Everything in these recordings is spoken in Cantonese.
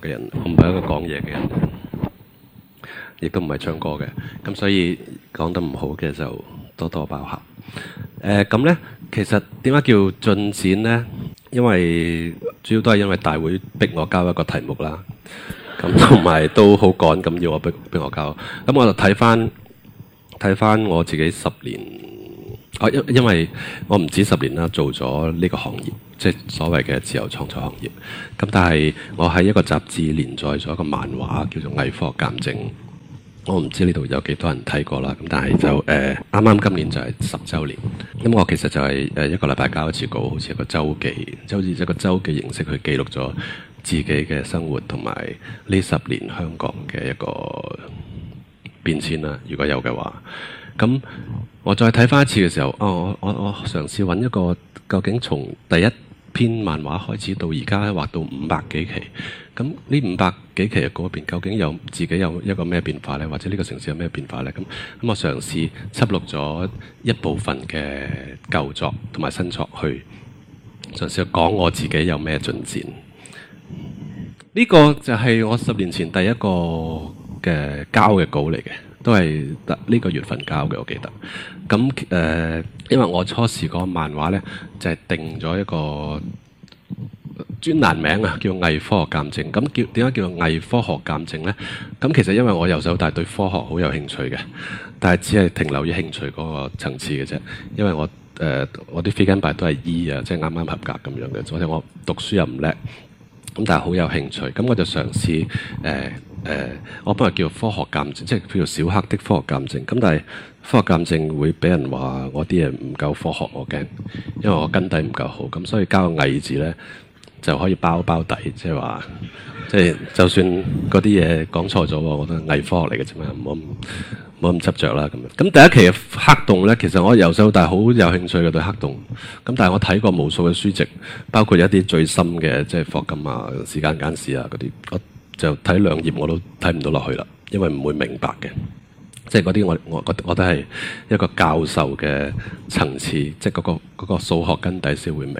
嘅人，我唔係一個講嘢嘅人，亦都唔係唱歌嘅，咁所以講得唔好嘅就多多包涵。誒、呃，咁呢，其實點解叫進展呢？因為主要都係因為大會逼我交一個題目啦，咁同埋都好趕，咁要我逼逼我交。咁我就睇翻睇翻我自己十年，啊、因因為我唔止十年啦，做咗呢個行業。即係所謂嘅自由創作行業，咁但係我喺一個雜誌連載咗一個漫畫，叫做《偽科學鑑證》，我唔知呢度有幾多人睇過啦。咁但係就誒啱啱今年就係十週年，咁我其實就係誒一個禮拜交一次稿，好似一個週記，就好似一個週記形式去記錄咗自己嘅生活同埋呢十年香港嘅一個變遷啦。如果有嘅話，咁我再睇翻一次嘅時候，哦，我我我嘗試揾一個究竟從第一。篇漫畫開始到而家咧畫到五百幾期，咁呢五百幾期嘅嗰邊究竟有自己有一個咩變化呢？或者呢個城市有咩變化呢？咁咁我嘗試輯錄咗一部分嘅舊作同埋新作去嘗試講我自己有咩進展。呢個就係我十年前第一個嘅交嘅稿嚟嘅，都係呢個月份交嘅，我記得。咁誒、呃，因為我初時個漫畫咧，就係、是、定咗一個專欄名啊，叫《偽科學鑑證》。咁叫點解叫做偽科學鑑證咧？咁其實因為我由細到大對科學好有興趣嘅，但係只係停留於興趣嗰個層次嘅啫。因為我誒、呃，我啲 feedback 都係 E 啊，即係啱啱合格咁樣嘅。所以我讀書又唔叻，咁但係好有興趣。咁我就嘗試誒誒，我不如叫科學鑑證，即係叫做小克的科學鑑證。咁但係。科學鑑證會俾人話我啲嘢唔夠科學，我驚，因為我根底唔夠好，咁所以加個偽字呢，就可以包包底，即係話，即係就算嗰啲嘢講錯咗，我覺得偽科學嚟嘅啫嘛，唔好唔好咁執着啦。咁咁第一期黑洞呢，其實我由細到大好有興趣嘅對黑洞，咁但係我睇過無數嘅書籍，包括一啲最新嘅即係霍金啊、時間簡史啊嗰啲，我就睇兩頁我都睇唔到落去啦，因為唔會明白嘅。即係嗰啲我我我我覺得係一個教授嘅層次，即係嗰、那個嗰、那個數學根底先會明。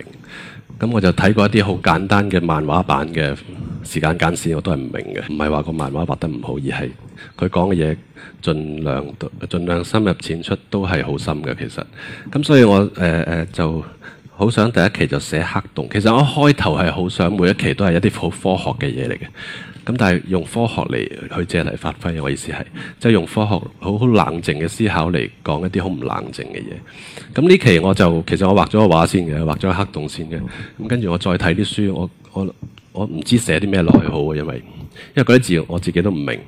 咁我就睇過一啲好簡單嘅漫畫版嘅時間簡史，我都係唔明嘅。唔係話個漫畫畫得唔好，而係佢講嘅嘢，儘量儘量深入淺出都係好深嘅其實。咁所以我誒誒、呃、就好想第一期就寫黑洞。其實我開頭係好想每一期都係一啲好科學嘅嘢嚟嘅。咁但係用科學嚟去借題發揮，我意思係即係用科學好好冷靜嘅思考嚟講一啲好唔冷靜嘅嘢。咁呢期我就其實我畫咗個畫先嘅，畫咗個黑洞先嘅。咁跟住我再睇啲書，我我我唔知寫啲咩落去好啊，因為因為嗰啲字我自己都唔明。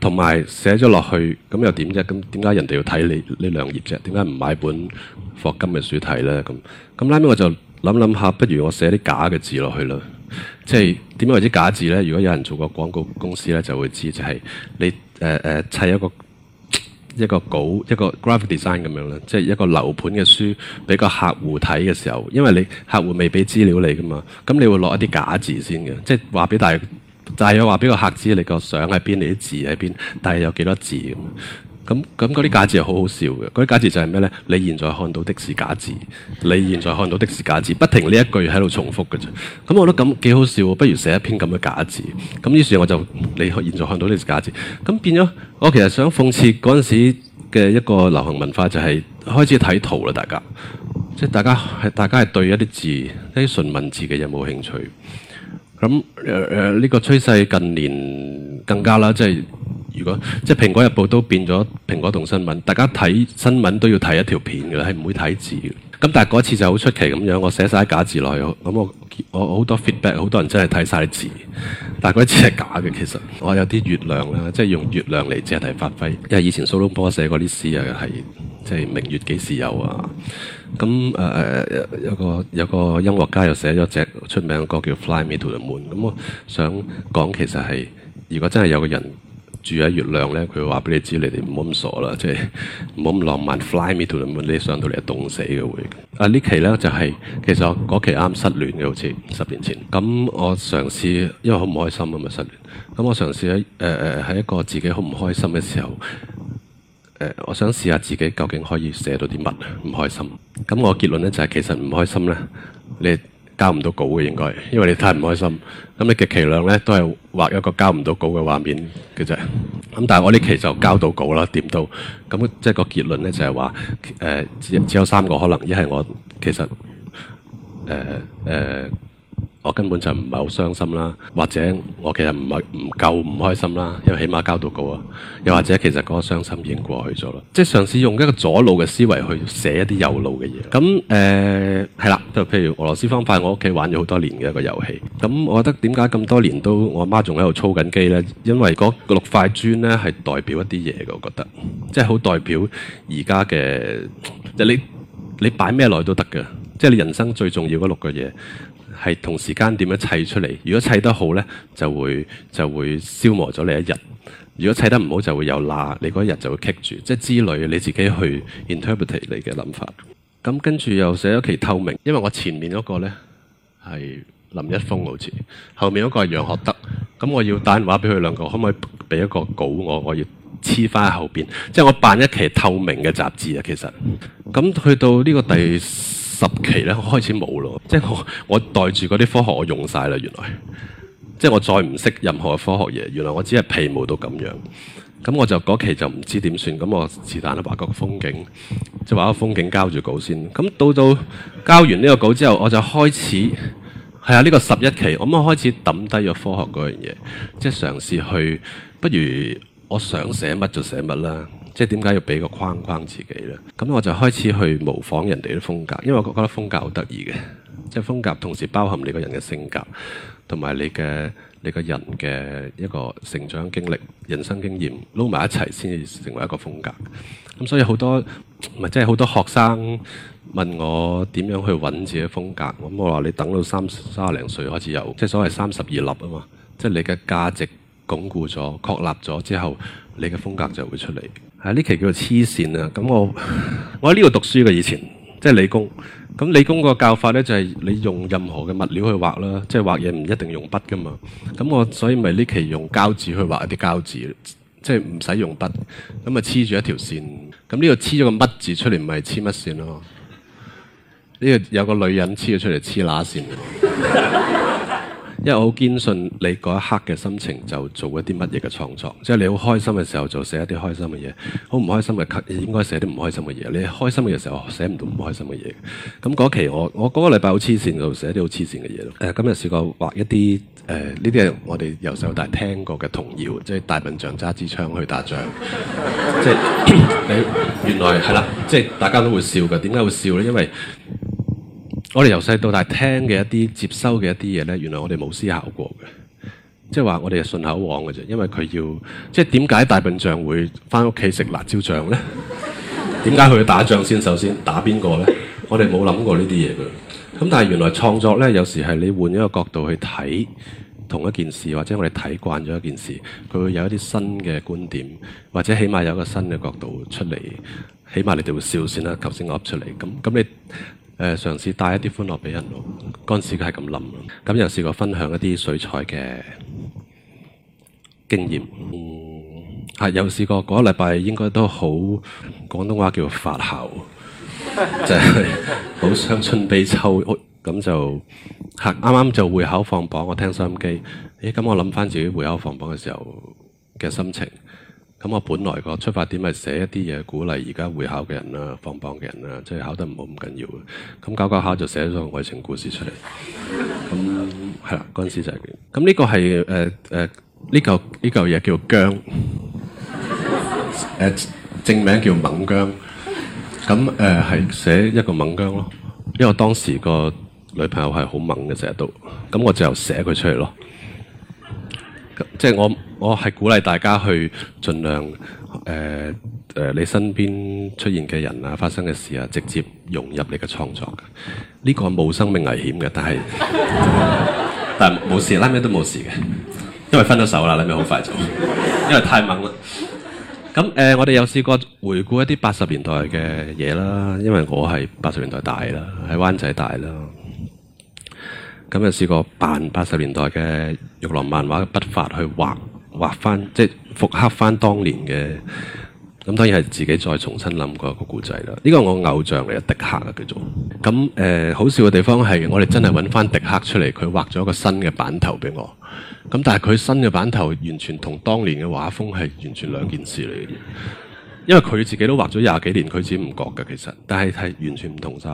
同埋寫咗落去咁又點啫？咁點解人哋要睇你，你呢兩頁啫？點解唔買本霍金嘅書睇咧？咁咁拉尾我就諗諗下，不如我寫啲假嘅字落去啦。即係點樣為之假字呢？如果有人做過廣告公司呢，就會知就，就係你誒誒砌一個一個稿一個 graphic design 咁樣啦，即係一個樓盤嘅書俾個客戶睇嘅時候，因為你客戶未俾資料你噶嘛，咁你會落一啲假字先嘅，即係話俾大約，大約話俾個客知你個相喺邊，你啲字喺邊，但係有幾多字。咁咁嗰啲假字係好好笑嘅，嗰啲假字就係咩呢？你現在看到的是假字，你現在看到的是假字，不停呢一句喺度重複嘅啫。咁我覺得咁幾好笑喎，不如寫一篇咁嘅假字。咁於是我就，你現在看到的是假字。咁變咗，我其實想諷刺嗰陣時嘅一個流行文化就係開始睇圖啦，大家。即係大家係大家係對一啲字、一啲純文字嘅有冇興趣？咁誒誒，呢、嗯呃呃呢個趨勢近年更加啦，即係如果即係《蘋果日報》都變咗蘋果同新聞，大家睇新聞都要睇一條片嘅啦，唔會睇字嘅。咁、嗯、但係嗰次就好出奇咁樣，我寫晒啲假字落去，咁、嗯、我我好多 feedback，好多人真係睇晒字，但係嗰啲字係假嘅。其實我有啲月亮啦，即係用月亮嚟借題發揮，因為以前蘇東坡寫過啲詩啊，係即係明月幾時有啊？咁誒誒有個有個音樂家又寫咗隻出名嘅歌叫 Fly Me To The Moon。咁我想講其實係如果真係有個人住喺月亮咧，佢會話俾你知，你哋唔好咁傻啦，即係唔好咁浪漫。Fly Me To The Moon，你上到嚟凍死嘅會。啊呢期咧就係、是、其實嗰期啱失戀嘅好似十年前。咁我嘗試因為好唔開心啊嘛失戀。咁我嘗試喺誒誒喺一個自己好唔開心嘅時候。呃、我想試下自己究竟可以寫到啲乜唔開心。咁我結論呢，就係、係，其實唔開心呢。你交唔到稿嘅應該，因為你太唔開心。咁你極其量呢，都係畫一個交唔到稿嘅畫面嘅啫。咁但係我呢期就交到稿啦，點到？咁即係個結論呢，就係話誒，只、呃、只有三個可能，一係我其實誒誒。呃呃我根本就唔係好傷心啦，或者我其實唔係唔夠唔開心啦，因為起碼交到個，又或者其實嗰個傷心已經過去咗啦。即係嘗試用一個左腦嘅思維去寫一啲右腦嘅嘢。咁誒係啦，就、呃、譬如、如俄羅斯方塊，我屋企玩咗好多年嘅一個遊戲。咁我覺得點解咁多年都我阿媽仲喺度操緊機呢？因為嗰六塊磚呢係代表一啲嘢嘅，我覺得即係好代表而家嘅，即係你你擺咩落去都得嘅，即係你人生最重要嗰六個嘢。係同時間點樣砌出嚟？如果砌得好呢，就會就會消磨咗你一日；如果砌得唔好，就會有罅，你嗰一日就會棘住。即係之類，你自己去 interpret 你嘅諗法。咁跟住又寫咗期透明，因為我前面嗰個呢係林一峰，好似後面嗰個係楊學德。咁我要打電話俾佢兩個，可唔可以俾一個稿我？我要黐翻喺後邊，即係我辦一期透明嘅雜誌啊！其實咁去到呢個第十期咧，我開始冇咯，即係我我袋住嗰啲科學，我用晒啦。原來，即係我再唔識任何嘅科學嘢，原來我只係皮毛到咁樣。咁我就嗰期就唔知點算，咁我自彈是但啦，畫個風景，即係畫個風景交住稿先。咁到到交完呢個稿之後，我就開始係啊呢、呢個十一期，我開始抌低咗科學嗰樣嘢，即係嘗試去，不如我想寫乜就寫乜啦。即係點解要俾個框框自己呢？咁我就開始去模仿人哋啲風格，因為我覺得風格好得意嘅，即係風格同時包含你個人嘅性格，同埋你嘅你個人嘅一個成長經歷、人生經驗撈埋一齊先至成為一個風格。咁所以好多咪即係好多學生問我點樣去揾自己嘅風格，咁我話你等到三十三十零歲開始有，即係所謂三十而立啊嘛，即係你嘅價值鞏固咗、確立咗之後，你嘅風格就會出嚟。呢期叫做黐線啊！咁我我喺呢度讀書嘅以前，即係理工。咁理工個教法呢，就係你用任何嘅物料去畫啦，即係畫嘢唔一定用筆噶嘛。咁我所以咪呢期用膠紙去畫一啲膠紙，即係唔使用筆。咁咪黐住一條線。咁呢度黐咗個乜字出嚟，啊，咪黐乜線咯？呢個有個女人黐咗出嚟黐乸線，啊。 因為我好堅信你嗰一刻嘅心情就做一啲乜嘢嘅創作，即係你好開心嘅時候就寫一啲開心嘅嘢，好唔開心嘅應該寫啲唔開心嘅嘢，你開心嘅時候寫唔到唔開心嘅嘢。咁嗰期我我嗰個禮拜好黐線，就寫啲好黐線嘅嘢咯。誒，今日試過畫一啲誒呢啲係我哋由細到大聽過嘅童謠，即係大笨象揸支槍去打仗，即係 原來係啦，即係大家都會笑㗎。點解會笑呢？因為我哋由細到大聽嘅一啲接收嘅一啲嘢呢，原來我哋冇思考過嘅，即係話我哋係順口往嘅啫。因為佢要，即係點解大笨象會翻屋企食辣椒醬呢？點解佢要打仗先，先？首先打邊個呢？我哋冇諗過呢啲嘢嘅。咁但係原來創作呢，有時係你換一個角度去睇同一件事，或者我哋睇慣咗一件事，佢會有一啲新嘅觀點，或者起碼有一個新嘅角度出嚟，起碼你哋會笑先啦。頭先我噏出嚟，咁咁你。誒、呃、嘗試帶一啲歡樂俾人咯，嗰陣時佢係咁諗，咁又試過分享一啲水彩嘅經驗，嚇、嗯、有、嗯、試過嗰一禮拜應該都好廣東話叫發姣， 就係好傷春悲秋，咁、嗯、就嚇啱啱就會考放榜，我聽收音機，咦咁、嗯嗯、我諗返自己會考放榜嘅時候嘅心情。咁我本來個出發點係寫一啲嘢鼓勵而家會考嘅人啦，放榜嘅人啦，即係考得唔好咁緊要嘅。咁搞搞下就寫咗個愛情故事出嚟。咁係啦，嗰陣時就係、是、咁。呢個係誒誒呢嚿呢嚿嘢叫薑，誒、 呃、正名叫猛薑。咁誒係寫一個猛薑咯，因為我當時個女朋友係好猛嘅成日都，咁我就最後寫佢出嚟咯。即係我。我係鼓勵大家去盡量誒誒、呃呃，你身邊出現嘅人啊、發生嘅事啊，直接融入你嘅創作。呢個係冇生命危險嘅，但係 但係冇事，拉、啊、尾都冇事嘅，因為分咗手啦，拉尾好快就好，因為太猛啦。咁誒、呃，我哋有試過回顧一啲八十年代嘅嘢啦，因為我係八十年代大啦，喺灣仔大啦。咁啊，試過扮八十年代嘅玉郎漫畫嘅筆法去畫。畫翻即係復刻翻當年嘅，咁當然係自己再重新諗過一個故仔啦。呢個我偶像嚟嘅，迪克啊叫做。咁誒、呃、好笑嘅地方係，我哋真係揾翻迪克出嚟，佢畫咗一個新嘅版頭俾我。咁但係佢新嘅版頭完全同當年嘅畫風係完全兩件事嚟嘅，因為佢自己都畫咗廿幾年，佢自己唔覺嘅其實。但係係完全唔同晒。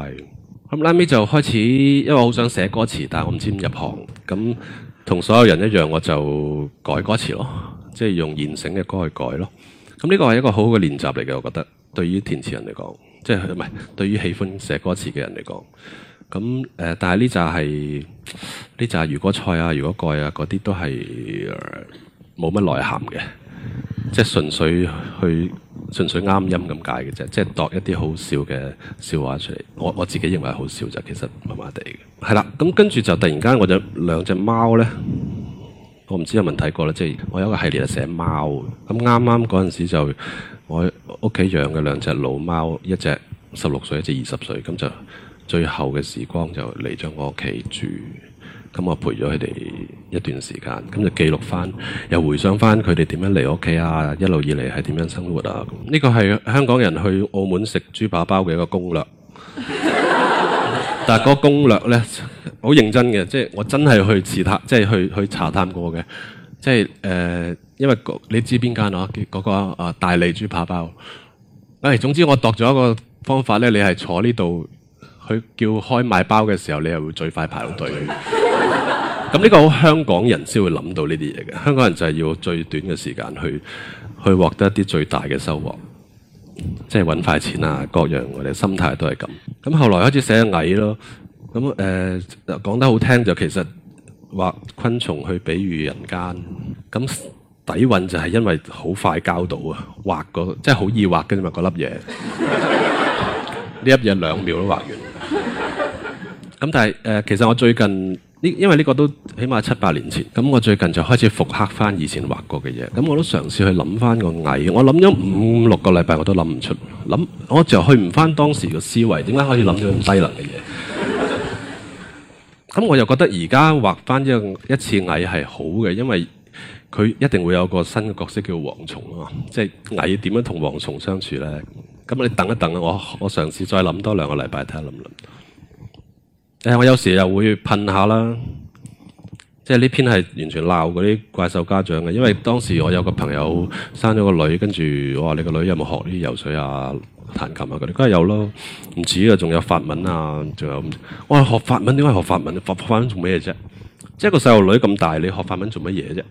咁拉尾就開始，因為我好想寫歌詞，但係我唔知入行咁。同所有人一樣，我就改歌詞咯，即係用現成嘅歌去改咯。咁呢個係一個好好嘅練習嚟嘅，我覺得。對於填詞人嚟講，即係唔係對於喜歡寫歌詞嘅人嚟講。咁、嗯、誒、呃，但係呢扎係呢扎如果菜啊，如果蓋啊，嗰啲都係冇乜內涵嘅。即係純粹去純粹啱音咁解嘅啫，即係度一啲好笑嘅笑話出嚟。我我自己認為好笑就其實麻麻地嘅。係啦，咁跟住就突然間我就兩隻貓呢。我唔知有冇人睇過呢？即係我有一個系列係寫貓。咁啱啱嗰陣時就我屋企養嘅兩隻老貓，一隻十六歲，一隻二十歲，咁就最後嘅時光就嚟咗我屋企住。咁、嗯、我陪咗佢哋一段時間，咁、嗯、就記錄翻，又回想翻佢哋點樣嚟屋企啊，一路以嚟係點樣生活啊？呢個係香港人去澳門食豬扒包嘅一個攻略。 但係嗰個攻略呢，好認真嘅，即係我真係去試探，即係去去，去查探過嘅。即係誒、呃，因為你知邊間啊？嗰、那個啊大利豬扒包。誒、哎，總之我度咗一個方法呢，你係坐呢度去叫開賣包嘅時候，你係會最快排到隊。 咁呢個好香港人先會諗到呢啲嘢嘅，香港人就係要最短嘅時間去去獲得一啲最大嘅收穫，即係揾快錢啊，各樣我哋心態都係咁。咁後來開始寫蟻咯，咁誒講得好聽就其實畫昆蟲去比喻人間，咁底蘊就係因為好快交到啊，畫、嗰即係好易畫嘅啫嘛，嗰粒嘢呢粒嘢兩秒都畫完。咁 但係誒、呃，其實我最近呢，因為呢個都起碼七八年前。咁我最近就開始復刻翻以前畫過嘅嘢。咁我都嘗試去諗翻個蟻。我諗咗五六個禮拜，我都諗唔出。諗我就去唔翻當時嘅思維，點解可以諗到咁低能嘅嘢？咁 我又覺得而家畫翻呢一,一次蟻係好嘅，因為佢一定會有個新嘅角色叫蝗蟲啊。即係蟻點樣同蝗蟲相處呢？咁你等一等啊，我我嘗試再諗多兩個禮拜睇下諗唔諗。看看想誒、呃，我有時又會噴下啦，即係呢篇係完全鬧嗰啲怪獸家長嘅，因為當時我有個朋友生咗個女，跟住我話：你個女有冇學啲游水啊、彈琴啊嗰啲？梗係有咯，唔止啊，仲有法文啊，仲有我話學法文點解學法文？法法文做咩啫？即係個細路女咁大，你學法文做乜嘢啫？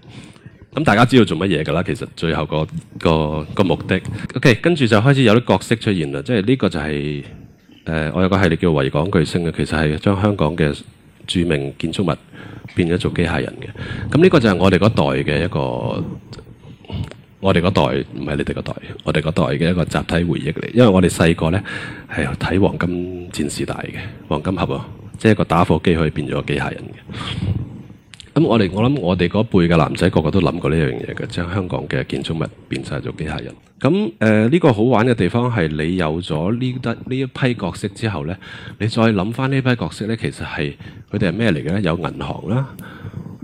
咁大家知道做乜嘢㗎啦？其實最後、個、個個目的，OK，跟住就開始有啲角色出現啦，即係呢個就係、係。誒、呃，我有個系列叫《維港巨星》，嘅，其實係將香港嘅著名建築物變咗做機械人嘅。咁呢個就係我哋嗰代嘅一個，我哋嗰代唔係你哋嗰代，我哋嗰代嘅一個集體回憶嚟。因為我哋細個呢係睇《黃金戰士大》嘅，《黃金俠》啊，即係一個打火機可以變咗個機械人嘅。咁我哋，我諗我哋嗰輩嘅男仔個個都諗過呢樣嘢嘅，將香港嘅建築物變晒做機械人。咁誒，呢、嗯這個好玩嘅地方係你有咗呢得呢一批角色之後呢，你再諗返呢批角色呢，其實係佢哋係咩嚟嘅呢？有銀行啦，誒、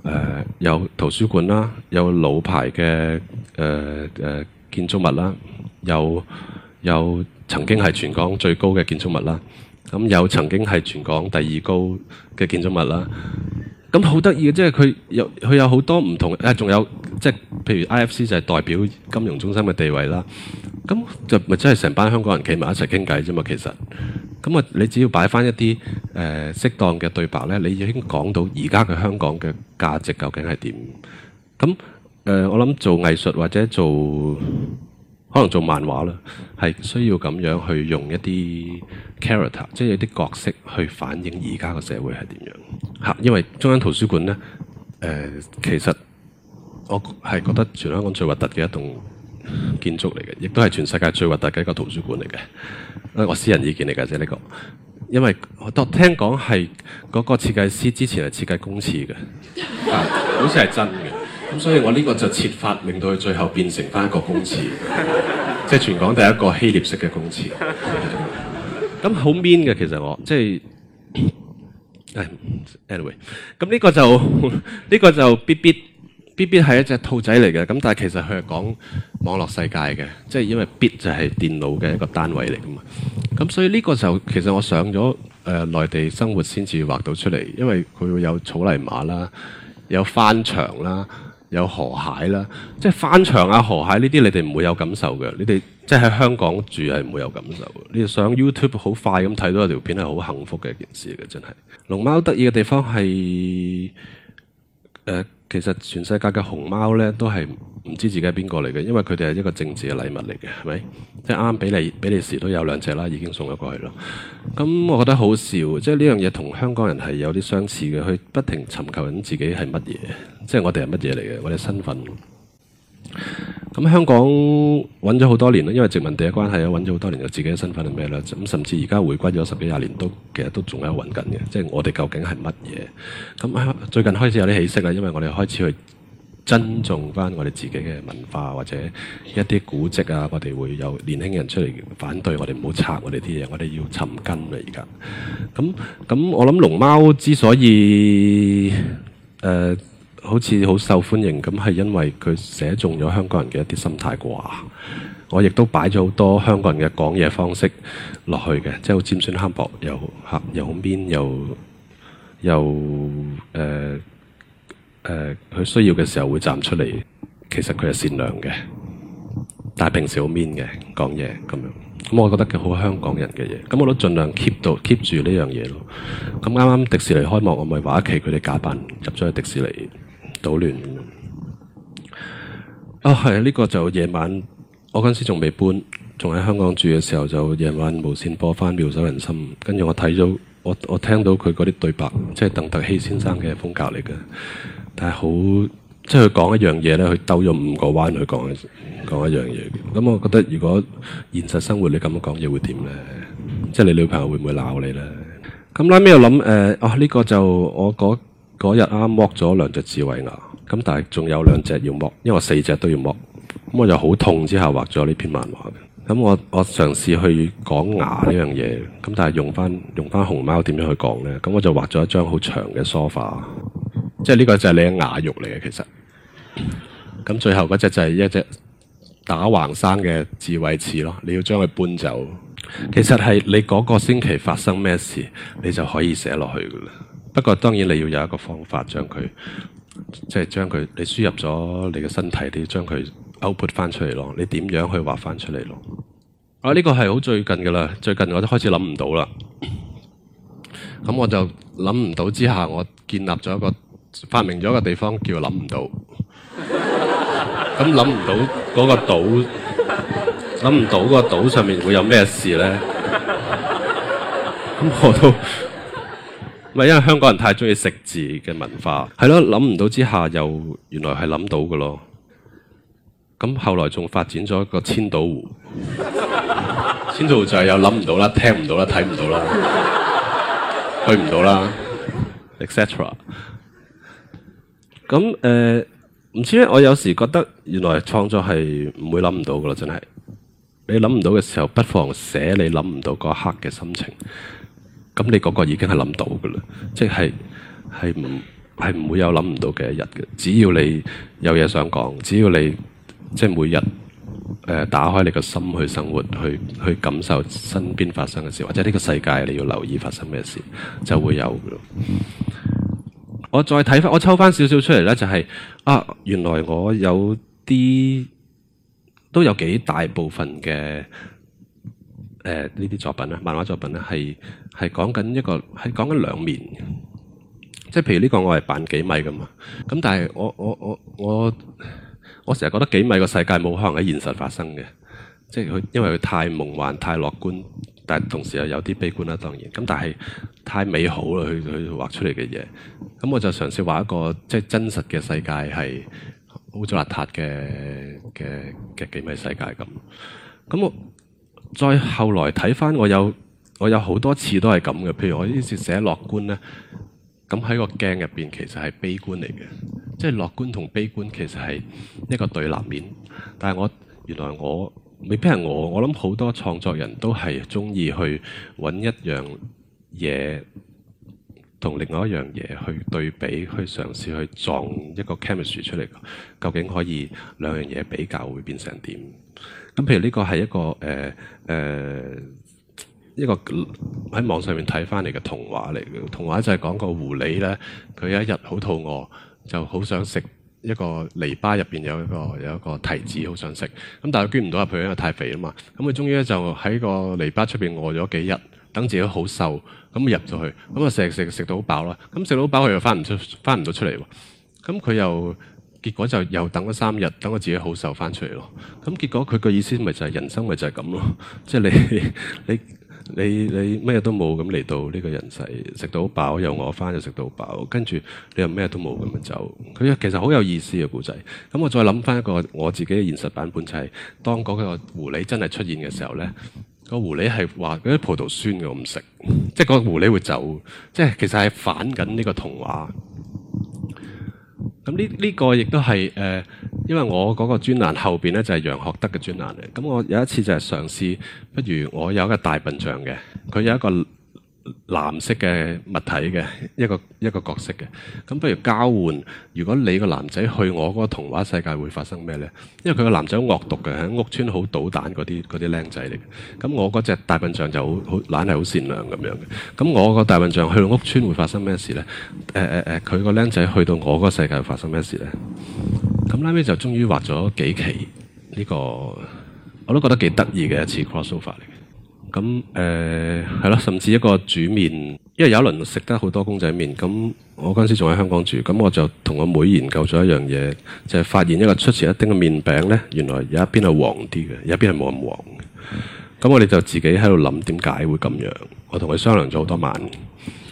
呃、有圖書館啦，有老牌嘅誒誒建築物啦，有有曾經係全港最高嘅建築物啦，咁、嗯、有曾經係全港第二高嘅建築物啦。咁好得意嘅，即係佢有佢有好多唔同，啊仲有即係譬如 IFC 就係代表金融中心嘅地位啦。咁就咪真係成班香港人企埋一齊傾偈啫嘛？其實，咁啊你只要擺翻一啲誒、呃、適當嘅對白呢，你已經講到而家嘅香港嘅價值究竟係點？咁誒、呃，我諗做藝術或者做可能做漫畫啦，係需要咁樣去用一啲 character，即係一啲角色去反映而家嘅社會係點樣吓，因為中央圖書館咧，誒、呃、其實我係覺得全香港最核突嘅一棟建築嚟嘅，亦都係全世界最核突嘅一個圖書館嚟嘅。誒，我私人意見嚟嘅，即係呢個，因為我聽聽講係個設計師之前係設計公廁嘅， 好似係真嘅。咁所以我呢個就設法令到佢最後變成翻一個公廁，即係 全港第一個希臘式嘅公廁。咁、 啊啊、好 mean 嘅其實我，即係 anyway。咁 Any 呢個就呢、這個就 b b b b i 係一隻兔仔嚟嘅，咁但係其實佢係講網絡世界嘅，即係因為 bit 就係電腦嘅一個單位嚟㗎嘛。咁所以呢個就其實我上咗誒內地生活先至畫到出嚟，因為佢會有草泥馬啦，有翻牆啦。啦啦啦啦有河蟹啦，即係翻牆啊！河蟹呢啲你哋唔會有感受嘅，你哋即係喺香港住係唔會有感受嘅。你哋上 YouTube 好快咁睇到一條片係好幸福嘅一件事嘅，真係。龍貓得意嘅地方係誒。呃其實全世界嘅熊貓咧都係唔知自己係邊個嚟嘅，因為佢哋係一個政治嘅禮物嚟嘅，係咪？即係啱啱比利比利時都有兩隻啦，已經送咗過去咯。咁我覺得好笑，即係呢樣嘢同香港人係有啲相似嘅，佢不停尋求緊自己係乜嘢，即係我哋係乜嘢嚟嘅，我哋身份。咁、嗯、香港揾咗好多年啦，因為殖民地嘅關係啊，揾咗好多年，有自己嘅身份係咩咧？咁甚至而家回歸咗十幾廿年，都其實都仲係揾緊嘅，即係我哋究竟係乜嘢？咁、嗯、最近開始有啲起色啦，因為我哋開始去尊重翻我哋自己嘅文化或者一啲古蹟啊，我哋會有年輕人出嚟反對我哋唔好拆我哋啲嘢，我哋要尋根啦而家。咁、嗯、咁、嗯嗯、我諗龍貓之所以誒。呃好似好受歡迎咁，係因為佢寫中咗香港人嘅一啲心態啩。我亦都擺咗好多香港人嘅講嘢方式落去嘅，即係好尖酸刻薄，又嚇又好 mean，又又誒誒，佢、呃呃、需要嘅時候會站出嚟，其實佢係善良嘅，但係平時好 mean 嘅講嘢咁樣。咁我覺得佢好香港人嘅嘢，咁我都盡量 keep 到 keep 住呢樣嘢咯。咁啱啱迪士尼開幕，我咪話一期佢哋假扮入咗去迪士尼。搗亂啊！係呢個就夜晚，我嗰時仲未搬，仲喺香港住嘅時候就夜晚無線播翻《妙手仁心》，跟住我睇咗我我聽到佢嗰啲對白，即係鄧特希先生嘅風格嚟嘅，但係好即係佢講一樣嘢咧，佢兜咗五個彎去講講一樣嘢。咁我覺得如果現實生活你咁樣講嘢會點咧？即係你女朋友會唔會鬧你咧？咁拉尾又諗誒，哦呢個就我嗰。嗰日啱剝咗兩隻智慧牙，咁但係仲有兩隻要剝，因為我四隻都要剝，咁我就好痛。之後畫咗呢篇漫畫，咁我我嘗試去講牙呢樣嘢，咁但係用翻用翻熊貓點樣去講呢？咁我就畫咗一張好長嘅梳化，即係呢個就係你嘅牙肉嚟嘅，其實。咁最後嗰隻就係一隻打橫生嘅智慧齒咯，你要將佢搬走。其實係你嗰個星期發生咩事，你就可以寫落去噶啦。不過當然你要有一個方法，將佢即係將佢你輸入咗你嘅身體，都要將佢 output 翻出嚟咯。你點樣去畫翻出嚟咯？啊！呢個係好最近嘅啦，最近我都開始諗唔到啦。咁我就諗唔到之下，我建立咗一個發明咗一個地方叫諗唔到。咁諗唔到嗰個島，諗唔到個島上面會有咩事呢？咁我都。咪因為香港人太中意食字嘅文化，係咯，諗唔到之下，又原來係諗到嘅咯。咁後來仲發展咗一個千島湖， 千島湖就係又諗唔到啦，聽唔到啦，睇唔到啦，去唔到啦，etc。咁誒， 唔知我有時覺得原來創作係唔會諗唔到嘅啦，真係。你諗唔到嘅時候，不妨寫你諗唔到嗰刻嘅心情。咁你嗰個已經係諗到嘅啦，即係係唔係唔會有諗唔到嘅一日？只要你有嘢想講，只要你即係每日誒、呃、打開你個心去生活，去去感受身邊發生嘅事，或者呢個世界你要留意發生咩事，就會有嘅咯。我再睇翻，我抽翻少少出嚟呢，就係、是、啊，原來我有啲都有幾大部分嘅。誒呢啲作品咧，漫畫作品咧，係係講緊一個係講緊兩面，即係譬如呢個我係扮幾米㗎嘛，咁但係我我我我我成日覺得幾米個世界冇可能喺現實發生嘅，即係佢因為佢太夢幻、太樂觀，但係同時又有啲悲觀啦，當然，咁但係太美好啦，佢佢畫出嚟嘅嘢，咁我就嘗試畫一個即係真實嘅世界係好咗邋遢嘅嘅嘅幾米世界咁，咁我。再後來睇返我有我有好多次都係咁嘅，譬如我呢次寫樂觀咧，咁喺個鏡入邊其實係悲觀嚟嘅，即係樂觀同悲觀其實係一個對立面。但係我原來我未必係我，我諗好多創作人都係鍾意去揾一樣嘢同另外一樣嘢去對比，去嘗試去撞一個 chemistry 出嚟，究竟可以兩樣嘢比較會變成點？咁譬如呢個係一個誒誒、呃呃、一個喺網上面睇翻嚟嘅童話嚟嘅。童話就係講個狐狸咧，佢一日好肚餓，就好想食一個籬笆入邊有一個有一個提子，好想食。咁但係佢捐唔到入去，因為太肥啊嘛。咁佢終於咧就喺個籬笆出邊餓咗幾日，等自己好瘦。咁入咗去，咁啊食食食到好飽啦。咁食到飽佢又翻唔出，翻唔到出嚟。咁佢又～結果就又等咗三日，等我自己好受翻出嚟咯。咁結果佢個意思咪就係、是、人生咪就係咁咯？即係你你你你咩都冇咁嚟到呢個人世，食到飽又餓翻，又食到飽，跟住你又咩都冇咁樣走。佢其實好有意思嘅故仔。咁我再諗翻一個我自己嘅現實版本就係、是，當嗰個狐狸真係出現嘅時候呢，個狐狸係話嗰啲葡萄酸嘅，我唔食。即係個狐狸會走。即係其實係反緊呢個童話。咁呢呢個亦都係誒，因為我嗰個專欄後邊咧就係楊學德嘅專欄嚟，咁我有一次就係嘗試，不如我有一個大笨象嘅，佢有一個。藍色嘅物體嘅一個一個角色嘅，咁不如交換，如果你個男仔去我嗰個童話世界會發生咩呢？因為佢個男仔惡毒嘅，喺屋村好搗蛋嗰啲嗰啲僆仔嚟嘅。咁我嗰隻大笨象就好好，懶係好善良咁樣嘅。咁我個大笨象去到屋村會發生咩事呢？誒誒誒，佢個僆仔去到我嗰個世界會發生咩事呢？咁拉尾就終於畫咗幾期呢個，我都覺得幾得意嘅一次 crossover 嚟嘅。咁誒係囉，甚至一個煮麵，因為有一輪食得好多公仔麵。咁我嗰陣時仲喺香港住，咁我就同我妹研究咗一樣嘢，就係發現一個出前一丁嘅麵餅呢，原來有一邊係黃啲嘅，有一邊係冇咁黃。咁我哋就自己喺度諗點解會咁樣。我同佢商量咗好多晚。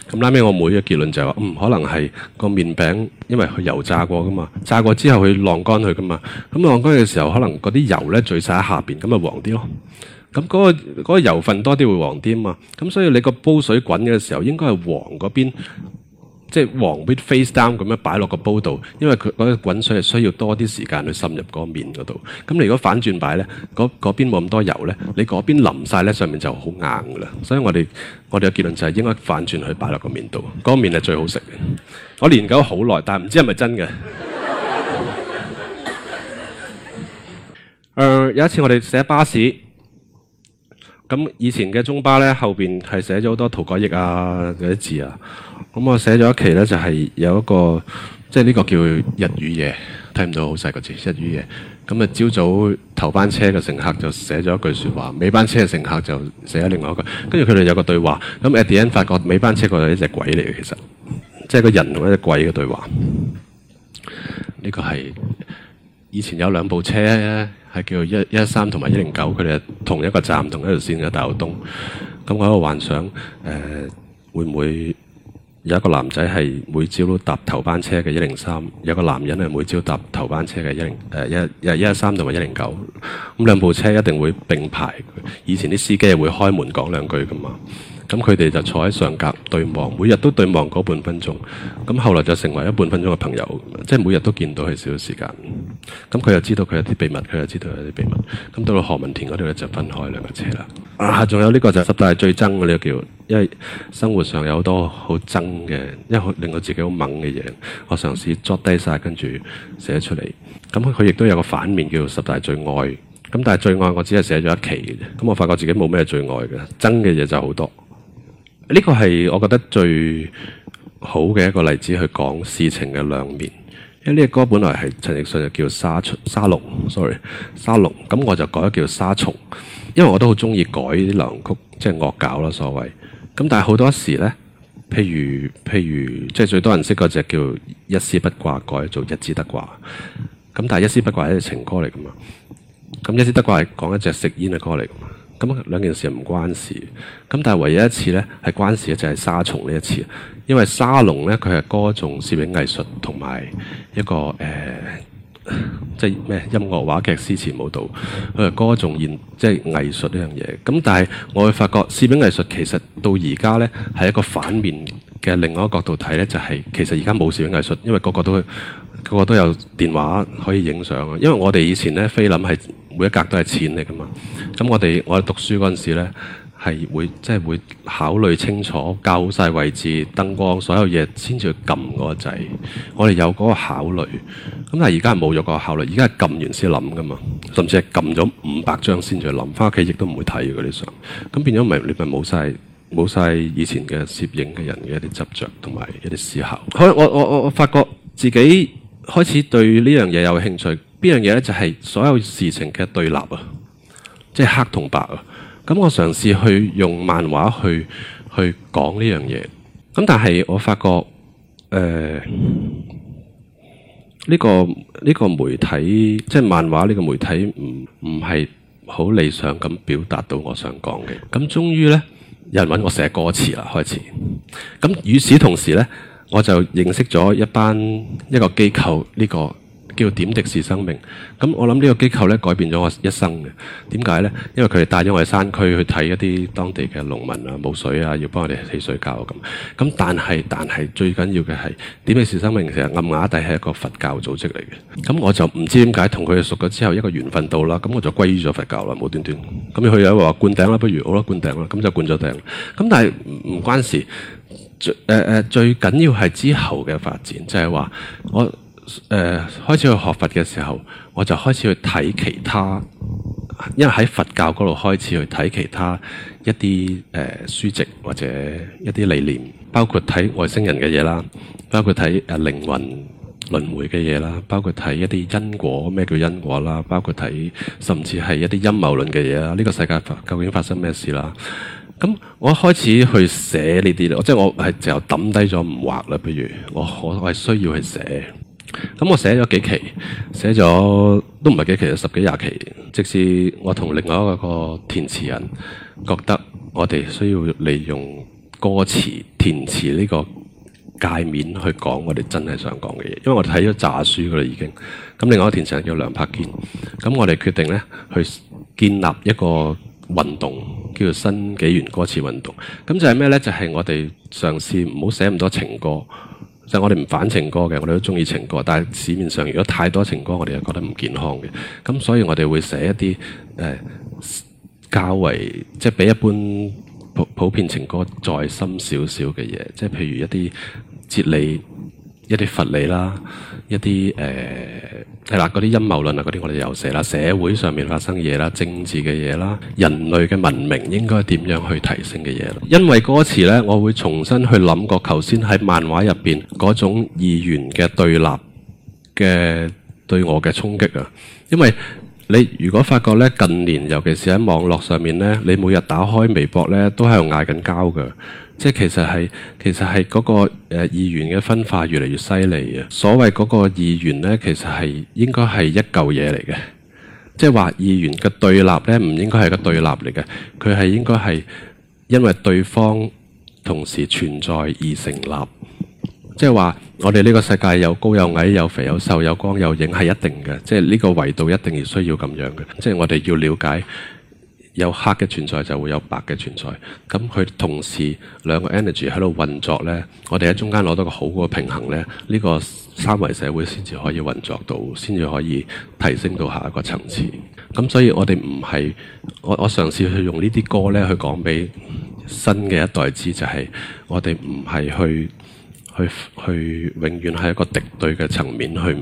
咁拉尾我妹嘅結論就係話，嗯，可能係個麵餅，因為佢油炸過噶嘛，炸過之後佢晾乾佢噶嘛，咁晾乾嘅時候可能嗰啲油呢，聚晒喺下邊，咁咪黃啲咯。咁嗰個嗰個油份多啲會黃啲啊嘛，咁所以你個煲水滾嘅時候，應該係黃嗰邊，即係黃邊 face down 咁樣擺落個煲度，因為佢嗰啲滾水係需要多啲時間去滲入嗰個面嗰度。咁你如果反轉擺咧，嗰嗰邊冇咁多油咧，你嗰邊淋曬咧，上面就好硬噶啦。所以我哋我哋嘅結論就係應該反轉去擺落個面度，嗰個麵係最好食嘅。我研究好耐，但係唔知係咪真嘅。誒，有一次我哋喺巴士。咁以前嘅中巴咧，後邊係寫咗好多塗改液啊嗰啲字啊，咁我寫咗一期咧，就係有一個，即係呢個叫日語嘢，睇唔到好細個字日語嘢。咁啊朝早頭班車嘅乘客就寫咗一句說話，尾班車嘅乘客就寫咗另外一個，跟住佢哋有個對話。咁 a d n 發覺尾班車嗰度係一隻鬼嚟嘅，其實，即係個人同一隻鬼嘅對話。呢個係以前有兩部車。係叫一一三同埋一零九，佢哋係同一個站同一條線嘅大澳東。咁我喺度幻想，誒、呃、會唔會有一個男仔係每朝都搭頭班車嘅一零三，有個男人係每朝搭頭班車嘅一零誒一一一三同埋一零九。咁兩部車一定會並排。以前啲司機係會開門講兩句噶嘛。咁佢哋就坐喺上格對望，每日都對望嗰半分鐘。咁後來就成為一半分鐘嘅朋友，即係每日都見到佢少少時間。咁佢又知道佢有啲秘密，佢又知道有啲秘密。咁到到何文田嗰度咧，就分開兩個車啦。啊，仲有呢個就十大最憎嘅呢個叫，因為生活上有好多好憎嘅，因為令到自己好猛嘅嘢，我嘗試捉低晒，跟住寫出嚟。咁佢亦都有個反面叫做十大最愛。咁但係最愛我只係寫咗一期嘅啫。咁我發覺自己冇咩最愛嘅，憎嘅嘢就好多。呢個係我覺得最好嘅一個例子去講事情嘅兩面，因為呢個歌本來係陳奕迅就叫沙蟲沙龍，sorry 沙龍，咁我就改咗叫沙蟲，因為我都好中意改啲流行曲，即係惡搞啦所謂。咁但係好多時呢，譬如譬如即係最多人識嗰隻叫一絲不掛改做一枝得掛，咁但係一絲不掛係一隻情歌嚟噶嘛，咁一枝得掛係講一隻食煙嘅歌嚟噶嘛。咁兩件事唔關事，咁但係唯一一次呢係關事嘅就係沙蟲呢一次，因為沙龍呢，佢係歌頌攝影藝術同埋一個誒、呃，即係咩音樂、話劇、詩詞、舞蹈，佢係歌頌現即係藝術呢樣嘢。咁但係我會發覺攝影藝術其實到而家呢，係一個反面嘅另外一個角度睇呢，就係、是、其實而家冇攝影藝術，因為個個都。個個都有電話可以影相啊！因為我哋以前咧菲林係每一格都係錢嚟噶嘛，咁我哋我讀書嗰陣時咧係會即係會考慮清楚，校好晒位置、燈光、所有嘢，先至去撳嗰個掣。我哋有嗰個考慮，咁但係而家係冇咗個考慮，而家係撳完先諗噶嘛，甚至係撳咗五百張先至去諗。返屋企亦都唔會睇嗰啲相，咁變咗咪你咪冇晒冇曬以前嘅攝影嘅人嘅一啲執着同埋一啲思考。好，我我我我發覺自己。開始對呢樣嘢有興趣，邊樣嘢呢？就係所有事情嘅對立啊，即係黑同白啊。咁我嘗試去用漫畫去去講呢樣嘢，咁但係我發覺誒呢個呢個媒體即係漫畫呢個媒體唔唔係好理想咁表達到我想講嘅。咁終於呢，有人揾我寫歌詞啦，開始。咁與此同時呢。我就認識咗一班一個機構，呢、呢個叫做點滴是生命。咁我諗呢個機構咧改變咗我一生嘅。點解呢？因為佢哋帶咗我哋去山區去睇一啲當地嘅農民啊，冇水啊，要幫我哋起水窖咁。咁、啊、但係但係最緊要嘅係點滴是生命是，其實暗瓦底係一個佛教組織嚟嘅。咁我就唔知點解同佢熟咗之後一個緣分到啦。咁我就歸於咗佛教啦，冇端端。咁佢又話灌頂啦，不如好啦，灌頂啦，咁就灌咗頂了。咁但係唔關事。最誒誒、呃、最緊要係之後嘅發展，就係、是、話我誒、呃、開始去學佛嘅時候，我就開始去睇其他，因為喺佛教嗰度開始去睇其他一啲誒、呃、書籍或者一啲理念，包括睇外星人嘅嘢啦，包括睇誒靈魂輪迴嘅嘢啦，包括睇一啲因果。咩叫因果啦，包括睇甚至係一啲陰謀論嘅嘢啦，呢、這個世界究竟發生咩事啦？咁我開始去寫呢啲咧，即係我係就抌低咗唔畫啦。譬如我我我係需要去寫，咁我寫咗幾期，寫咗都唔係幾期，十幾廿期。即使我同另外一個填詞人覺得我哋需要利用歌詞填詞呢個界面去講我哋真係想講嘅嘢，因為我睇咗炸書㗎喇已經。咁另外一個填詞人叫梁柏堅，咁我哋決定呢去建立一個運動。叫做新紀元歌詞運動，咁就係咩呢？就係、是、我哋嘗試唔好寫咁多情歌，就是、我哋唔反情歌嘅，我哋都中意情歌，但係市面上如果太多情歌，我哋又覺得唔健康嘅。咁所以我哋會寫一啲誒、哎、較為即係、就是、比一般普普遍情歌再深少少嘅嘢，即、就、係、是、譬如一啲哲理。一啲佛理啦，一啲誒係啦，嗰啲陰謀論啊，嗰啲我哋又寫啦，社會上面發生嘅嘢啦，政治嘅嘢啦，人類嘅文明應該點樣去提升嘅嘢啦。因為嗰個歌詞咧，我會重新去諗過頭先喺漫畫入邊嗰種二元嘅對立嘅對我嘅衝擊啊。因為你如果發覺咧，近年尤其是喺網絡上面咧，你每日打開微博咧，都係喺度嗌緊交嘅。即係其實係，其實係嗰個誒二元嘅分化越嚟越犀利嘅。所謂嗰個二元咧，其實係應該係一嚿嘢嚟嘅。即係話二元嘅對立呢，唔應該係個對立嚟嘅，佢係應該係因為對方同時存在而成立。即係話我哋呢個世界有高有矮、有肥有瘦、有光有影係一定嘅，即係呢個維度一定要需要咁樣嘅。即係我哋要了解。有黑嘅存在就會有白嘅存在，咁佢同時兩個 energy 喺度運作呢，我哋喺中間攞到個好嘅平衡呢呢、呢個三維社會先至可以運作到，先至可以提升到下一個層次。咁所以我哋唔係，我我嘗試去用呢啲歌呢去講俾新嘅一代知、就是，就係我哋唔係去去去永遠喺一個敵對嘅層面去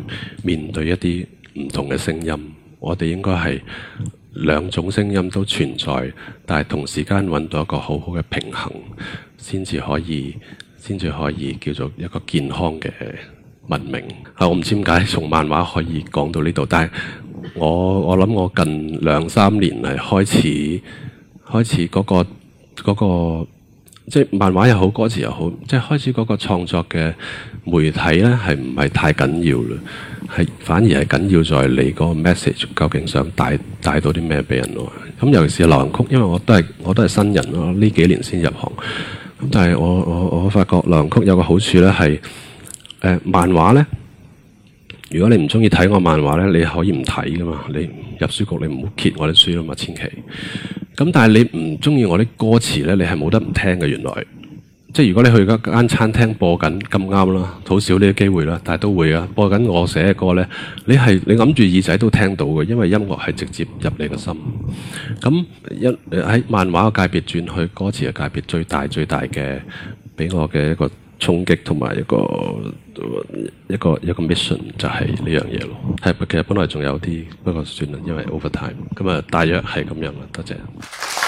面對一啲唔同嘅聲音，我哋應該係。兩種聲音都存在，但係同時間揾到一個好好嘅平衡，先至可以，先至可以叫做一個健康嘅文明。啊，我唔知點解從漫畫可以講到呢度，但係我我諗我近兩三年嚟開始開始嗰個嗰個即係漫畫又好，歌詞又好，即係開始嗰個創作嘅媒體呢，係唔係太緊要嘞？係反而係緊要在你嗰個 message 究竟想帶帶到啲咩俾人喎？咁尤其是流行曲，因為我都係我都係新人咯，呢幾年先入行。咁但係我我我發覺流行曲有個好處咧，係、呃、誒漫畫咧。如果你唔中意睇我漫畫咧，你可以唔睇噶嘛。你入書局你唔好揭我啲書啊嘛，千祈。咁但係你唔中意我啲歌詞咧，你係冇得唔聽嘅，原來。即係如果你去間餐廳播緊咁啱啦，好少呢啲機會啦，但係都會啊播緊我寫嘅歌呢，你係你諗住耳仔都聽到嘅，因為音樂係直接入你個心。咁一喺漫畫嘅界別轉去歌詞嘅界別，最大最大嘅俾我嘅一個衝擊同埋一個一個一個 mission 就係呢樣嘢咯。係其實本來仲有啲，不過算啦，因為 over time。咁啊，大約係咁樣啦，多謝。